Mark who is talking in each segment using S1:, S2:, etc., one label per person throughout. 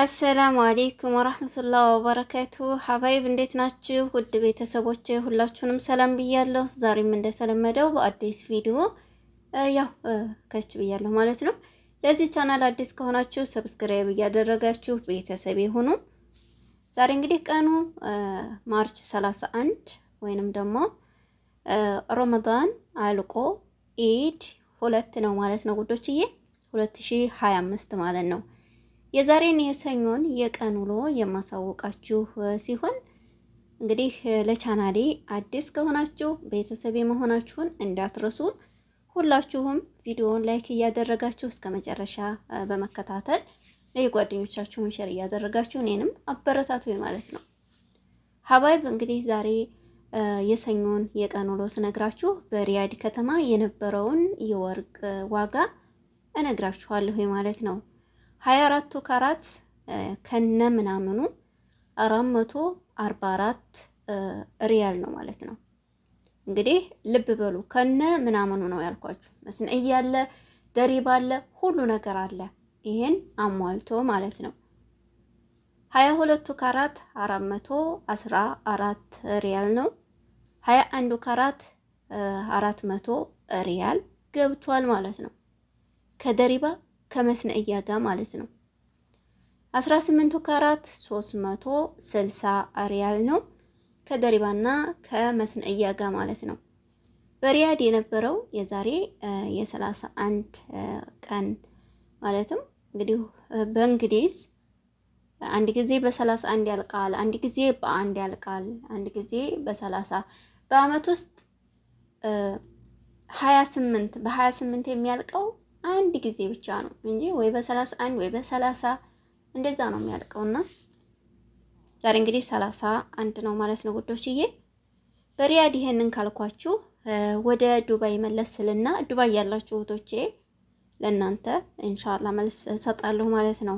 S1: አሰላሙ አሌይኩም ወራህመቱላህ ወበረካቱ ሀባይብ እንዴት ናችሁ? ውድ ቤተሰቦች ሁላችሁንም ሰላም ብያለሁ። ዛሬም እንደተለመደው በአዲስ ቪዲዮ ያው ከች ብያለሁ ማለት ነው። ለዚህ ቻናል አዲስ ከሆናችሁ ሰብስክራይብ እያደረጋችሁ ቤተሰብ የሆኑ ዛሬ እንግዲህ ቀኑ ማርች 31 ወይንም ደግሞ ረመዳን አልቆ ኢድ ሁለት ነው ማለት ነው ጉዶችዬ 2025 ማለት ነው የዛሬን የሰኞን የቀን ውሎ የማሳወቃችሁ ሲሆን እንግዲህ ለቻናሌ አዲስ ከሆናችሁ ቤተሰብ መሆናችሁን እንዳትረሱ። ሁላችሁም ቪዲዮውን ላይክ እያደረጋችሁ እስከ መጨረሻ በመከታተል ለየጓደኞቻችሁን ሸር እያደረጋችሁ እኔንም አበረታቱ ማለት ነው። ሀባይብ እንግዲህ ዛሬ የሰኞን የቀን ውሎ ስነግራችሁ በሪያድ ከተማ የነበረውን የወርቅ ዋጋ እነግራችኋለሁ ማለት ነው። ሀያ አራቱ ካራት ከነ ምናምኑ አራት መቶ ሪያል ነው ማለት ነው። እንግዲህ ልብ በሉ ከነ ምናምኑ ነው ያልኳችሁ። መስነይ እያለ ደሪብ አለ፣ ሁሉ ነገር አለ። ይሄን አሟልቶ ማለት ነው ሀያ ሁለቱ ካራት አራት አስራ አራት ሪያል ነው። ሀያ አንዱ ካራት አራት መቶ ሪያል ገብቷል ማለት ነው ከደሪባ ከመስነእያ ጋር ማለት ነው። ካራት 360 ሪያል ነው ከደሪባና ከመስነእያ ጋር ማለት ነው። በሪያድ የነበረው የዛሬ የ31 ቀን ማለትም እንግዲህ በእንግሊዝ አንድ ጊዜ በ31 ያልቃል፣ አንድ ጊዜ በአንድ ያልቃል፣ አንድ ጊዜ በ30 በአመት ውስጥ 28 በ28 የሚያልቀው አንድ ጊዜ ብቻ ነው እንጂ ወይ በሰላሳ አንድ ወይ በሰላሳ እንደዛ ነው የሚያልቀውና ዛሬ እንግዲህ ሰላሳ አንድ ነው ማለት ነው ውዶችዬ። በሪያድ ይሄንን ካልኳችሁ ወደ ዱባይ መለስልና ዱባይ ያላችሁ እህቶቼ ለናንተ ኢንሻአላ መልስ ሰጣለሁ ማለት ነው።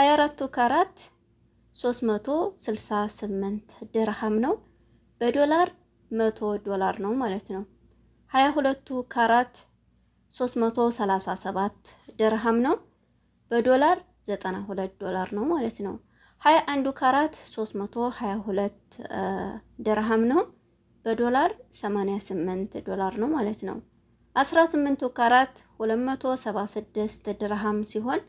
S1: 24 ካራት 368 ድርሃም ነው፣ በዶላር 100 ዶላር ነው ማለት ነው። 22 ካራት 337 ድርሃም ነው። በዶላር 92 ዶላር ነው ማለት ነው። 21 ካራት 322 ድርሃም ነው። በዶላር 88 ዶላር ነው ማለት ነው። 18 ካራት 276 ድርሃም ሲሆን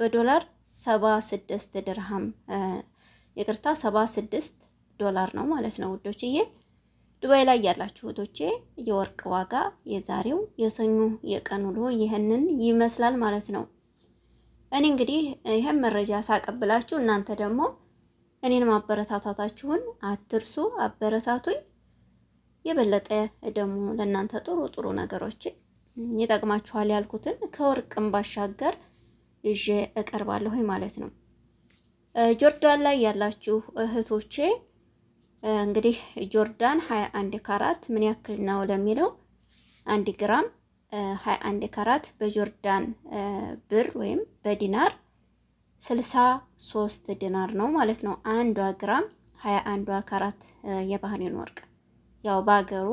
S1: በዶላር 76 ድርሃም ይቅርታ 76 ዶላር ነው ማለት ነው ውዶችዬ። ዱባይ ላይ ያላችሁ እህቶቼ የወርቅ ዋጋ የዛሬው የሰኞ የቀን ውሎ ይህንን ይመስላል ማለት ነው። እኔ እንግዲህ ይህን መረጃ ሳቀብላችሁ እናንተ ደግሞ እኔን ማበረታታታችሁን አትርሱ። አበረታቱኝ። የበለጠ ደግሞ ለእናንተ ጥሩ ጥሩ ነገሮችን ይጠቅማችኋል ያልኩትን ከወርቅም ባሻገር ይዤ እቀርባለሁ ማለት ነው። ጆርዳን ላይ ያላችሁ እህቶቼ እንግዲህ ጆርዳን 21 ካራት ምን ያክል ነው ለሚለው 1 ግራም 21 ካራት በጆርዳን ብር ወይም በዲናር 63 ዲናር ነው ማለት ነው። አንዷ ግራም 21 ካራት የባህሪን ወርቅ ያው በአገሩ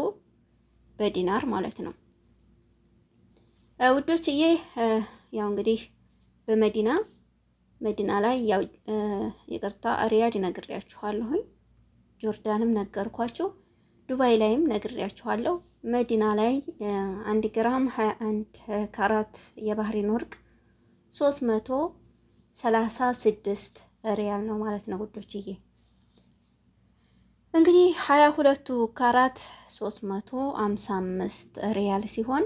S1: በዲናር ማለት ነው። ውዶችዬ ያው እንግዲህ በመዲና መዲና ላይ ያው ይቅርታ ሪያድ ይነግሬያችኋለሁኝ ጆርዳንም ነገርኳችሁ፣ ዱባይ ላይም ነግሬያችኋለሁ። መዲና ላይ አንድ ግራም 21 ካራት የባህሪን ወርቅ 336 ሪያል ነው ማለት ነው ውዶችዬ። እንግዲህ 22ቱ ካራት 355 ሪያል ሲሆን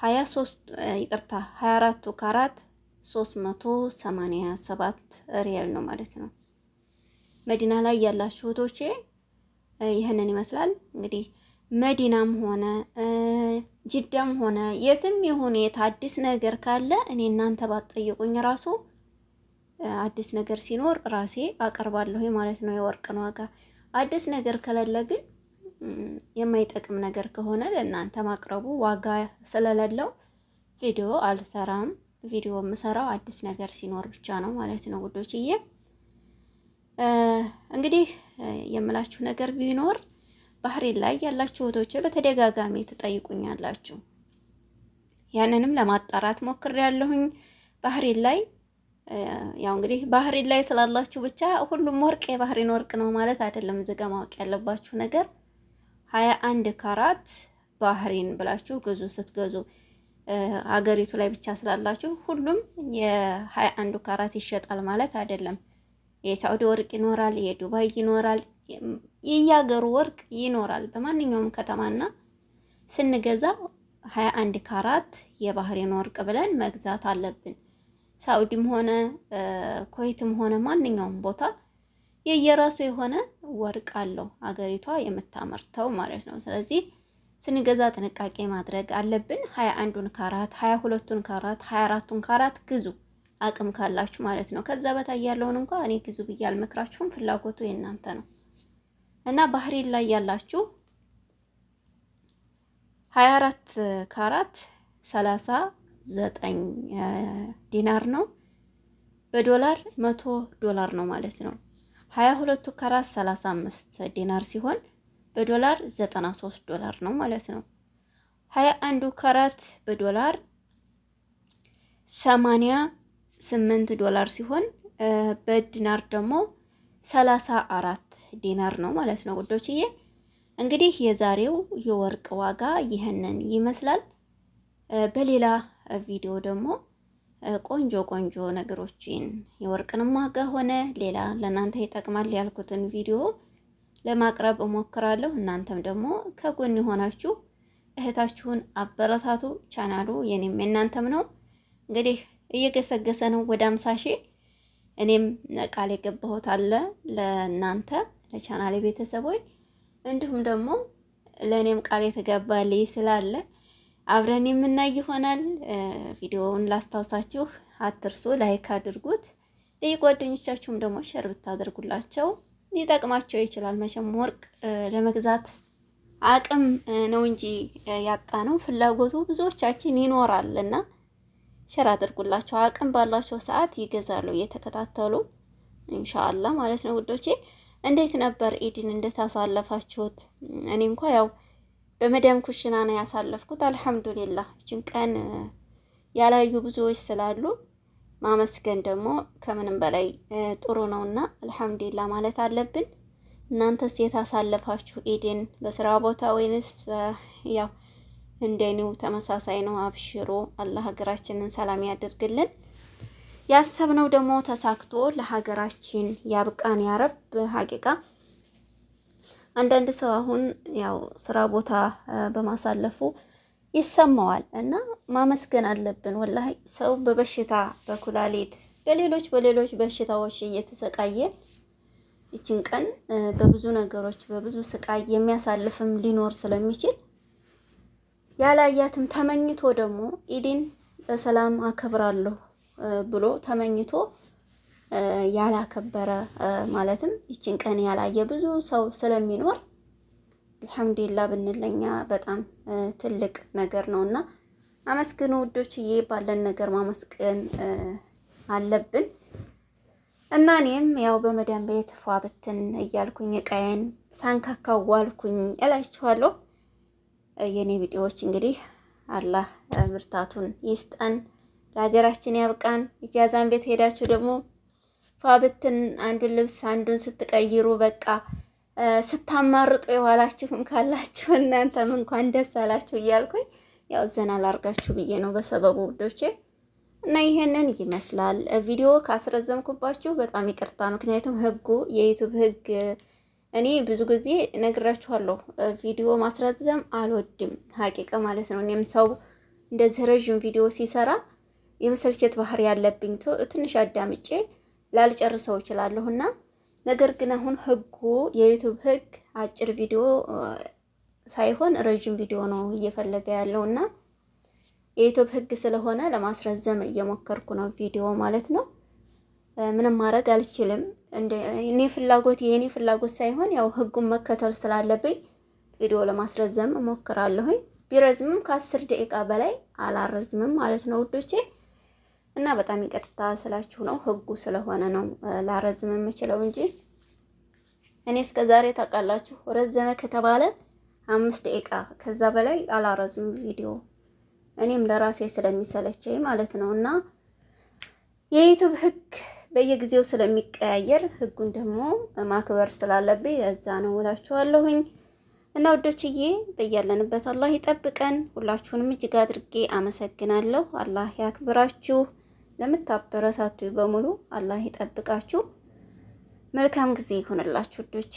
S1: 23 ይቅርታ 24ቱ ካራት 387 ሪያል ነው ማለት ነው። መዲና ላይ ያላችሁ እህቶቼ ይህንን ይመስላል እንግዲህ መዲናም ሆነ ጅዳም ሆነ የትም ይሁን የት አዲስ ነገር ካለ እኔ እናንተ ባትጠይቁኝ ራሱ አዲስ ነገር ሲኖር ራሴ አቀርባለሁ ማለት ነው፣ የወርቅን ዋጋ። አዲስ ነገር ከሌለ ግን የማይጠቅም ነገር ከሆነ ለእናንተ ማቅረቡ ዋጋ ስለሌለው ቪዲዮ አልሰራም። ቪዲዮ የምሰራው አዲስ ነገር ሲኖር ብቻ ነው ማለት ነው ውዶችዬ። እንግዲህ የምላችሁ ነገር ቢኖር ባህሬን ላይ ያላችሁ እህቶቼ በተደጋጋሚ ትጠይቁኛላችሁ። ያንንም ለማጣራት ያለሁኝ ባህሬን ላይ ያው እንግዲህ ባህሬን ላይ ስላላችሁ ብቻ ሁሉም ወርቅ የባህሬን ወርቅ ነው ማለት አይደለም። እዚህ ማወቅ ያለባችሁ ነገር ሀያ አንድ ካራት ባህሬን ብላችሁ ግዙ። ስትገዙ አገሪቱ ላይ ብቻ ስላላችሁ ሁሉም የሀያ አንዱ ካራት ይሸጣል ማለት አይደለም። የሳዑዲ ወርቅ ይኖራል፣ የዱባይ ይኖራል፣ የየሀገሩ ወርቅ ይኖራል። በማንኛውም ከተማና ስንገዛ 21 ካራት የባህሬን ወርቅ ብለን መግዛት አለብን። ሳዑዲም ሆነ ኮይትም ሆነ ማንኛውም ቦታ የየራሱ የሆነ ወርቅ አለው አገሪቷ የምታመርተው ማለት ነው። ስለዚህ ስንገዛ ጥንቃቄ ማድረግ አለብን። 21ን ካራት፣ 22ን ካራት፣ 24ን ካራት 22 ን ካራት 24 ቱን ካራት ግዙ አቅም ካላችሁ ማለት ነው። ከዛ በታ ያለውን እንኳ እኔ ግዙ ብዬ አልመክራችሁም። ፍላጎቱ የእናንተ ነው እና ባህሬን ላይ ያላችሁ 24 ካራት 39 ዲናር ነው። በዶላር 100 ዶላር ነው ማለት ነው። 22 ካራት 35 ዲናር ሲሆን በዶላር 93 ዶላር ነው ማለት ነው። 21 ካራት በዶላር 80 ስምንት ዶላር ሲሆን በዲናር ደግሞ ሰላሳ አራት ዲናር ነው ማለት ነው ውዶችዬ። እንግዲህ የዛሬው የወርቅ ዋጋ ይህንን ይመስላል። በሌላ ቪዲዮ ደግሞ ቆንጆ ቆንጆ ነገሮችን የወርቅንም ዋጋ ሆነ ሌላ ለእናንተ ይጠቅማል ያልኩትን ቪዲዮ ለማቅረብ እሞክራለሁ። እናንተም ደግሞ ከጎን የሆናችሁ እህታችሁን አበረታቱ። ቻናሉ የኔም የእናንተም ነው እንግዲህ እየገሰገሰ ነው ወደ አምሳ ሺህ እኔም ቃል የገባሁት አለ ለእናንተ ለቻናሌ ቤተሰቦች እንዲሁም ደግሞ ለእኔም ቃል የተገባልኝ ስላለ አብረን የምናይ ይሆናል። ቪዲዮውን ላስታውሳችሁ አትርሱ፣ ላይክ አድርጉት። ጓደኞቻችሁም ደግሞ ሸር ብታደርጉላቸው ሊጠቅማቸው ይችላል። መቼም ወርቅ ለመግዛት አቅም ነው እንጂ ያጣ ነው፣ ፍላጎቱ ብዙዎቻችን ይኖራል እና ሸር አድርጉላቸው። አቅም ባላቸው ሰዓት ይገዛሉ እየተከታተሉ ኢንሻአላ ማለት ነው ውዶቼ። እንዴት ነበር ኢድን እንዴት እኔ እንኳ ያው በመዳም ኩሽና ነው ያሳለፍኩት። አልሐምዱሊላህ እችን ቀን ያላዩ ብዙዎች ስላሉ ማመስገን ደግሞ ከምንም በላይ ጥሩ ነውና አልሐምዱሊላ ማለት አለብን። እናንተስ የታሳለፋችሁ ኢድን? በስራ ቦታ ወይንስ ያው እንደኔው ተመሳሳይ ነው። አብሽሮ አላህ ሀገራችንን ሰላም ያደርግልን። ያሰብነው ደግሞ ተሳክቶ ለሀገራችን ያብቃን ያረብ። ሀቂቃ አንዳንድ ሰው አሁን ያው ስራ ቦታ በማሳለፉ ይሰማዋል እና ማመስገን አለብን። ወላ ሰው በበሽታ በኩላሊት በሌሎች በሌሎች በሽታዎች እየተሰቃየ ይችን ቀን በብዙ ነገሮች በብዙ ስቃይ የሚያሳልፍም ሊኖር ስለሚችል ያላያትም ተመኝቶ ደግሞ ኢዲን በሰላም አከብራለሁ ብሎ ተመኝቶ ያላከበረ ማለትም ይችን ቀን ያላየ ብዙ ሰው ስለሚኖር አልሐምዱሊላህ ብንለኛ በጣም ትልቅ ነገር ነው እና አመስግኑ ውዶችዬ፣ ባለን ነገር ማመስገን አለብን። እና እኔም ያው በመዳን ቤት ፏ ብትን እያልኩኝ እቃዬን ሳንካካዋልኩኝ እላችኋለሁ። የኔ ቪዲዮዎች እንግዲህ አላህ ምርታቱን ይስጠን፣ ለሀገራችን ያብቃን። ኢጃዛን ቤት ሄዳችሁ ደግሞ ፏብትን አንዱን ልብስ አንዱን ስትቀይሩ በቃ ስታማርጡ የዋላችሁም ካላችሁ እናንተም እንኳን ደስ አላችሁ እያልኩኝ ያው ዘና ላርጋችሁ ብዬ ነው በሰበቡ ውዶቼ። እና ይሄንን ይመስላል ቪዲዮ ካስረዘምኩባችሁ በጣም ይቅርታ። ምክንያቱም ህጉ የዩቱብ ህግ እኔ ብዙ ጊዜ ነግራችኋለሁ፣ ቪዲዮ ማስረዘም አልወድም ሀቂቃ ማለት ነው። እኔም ሰው እንደዚህ ረዥም ቪዲዮ ሲሰራ የመሰልቸት ባህሪ ያለብኝ ትንሽ አዳምጬ ላልጨርሰው እችላለሁ እና ነገር ግን አሁን ህጉ የዩቱብ ህግ አጭር ቪዲዮ ሳይሆን ረዥም ቪዲዮ ነው እየፈለገ ያለው እና የዩቱብ ህግ ስለሆነ ለማስረዘም እየሞከርኩ ነው ቪዲዮ ማለት ነው። ምንም ማድረግ አልችልም። እኔ ፍላጎት የእኔ ፍላጎት ሳይሆን ያው ህጉን መከተል ስላለብኝ ቪዲዮ ለማስረዘም እሞክራለሁኝ። ቢረዝምም ከአስር ደቂቃ በላይ አላረዝምም ማለት ነው ውዶቼ። እና በጣም ይቅርታ ስላችሁ ነው፣ ህጉ ስለሆነ ነው ላረዝም የምችለው እንጂ እኔ እስከ ዛሬ ታውቃላችሁ፣ ረዘመ ከተባለ አምስት ደቂቃ ከዛ በላይ አላረዝም ቪዲዮ እኔም ለራሴ ስለሚሰለቸኝ ማለት ነው እና የዩቱብ ህግ በየጊዜው ስለሚቀያየር ህጉን ደግሞ ማክበር ስላለብኝ ለዛ ነው እላችኋለሁኝ። እና ውዶችዬ በያለንበት አላህ ይጠብቀን። ሁላችሁንም እጅግ አድርጌ አመሰግናለሁ። አላህ ያክብራችሁ። ለምታበረታቱ በሙሉ አላህ ይጠብቃችሁ። መልካም ጊዜ ይሁንላችሁ ውዶቼ።